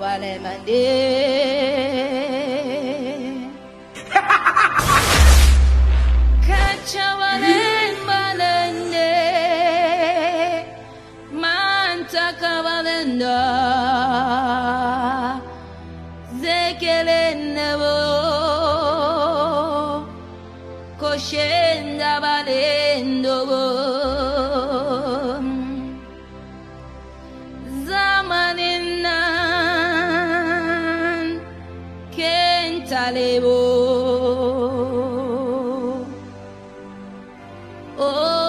bale mande kachavalen balende mantakavalenda koshenda bale Salevo. Oh.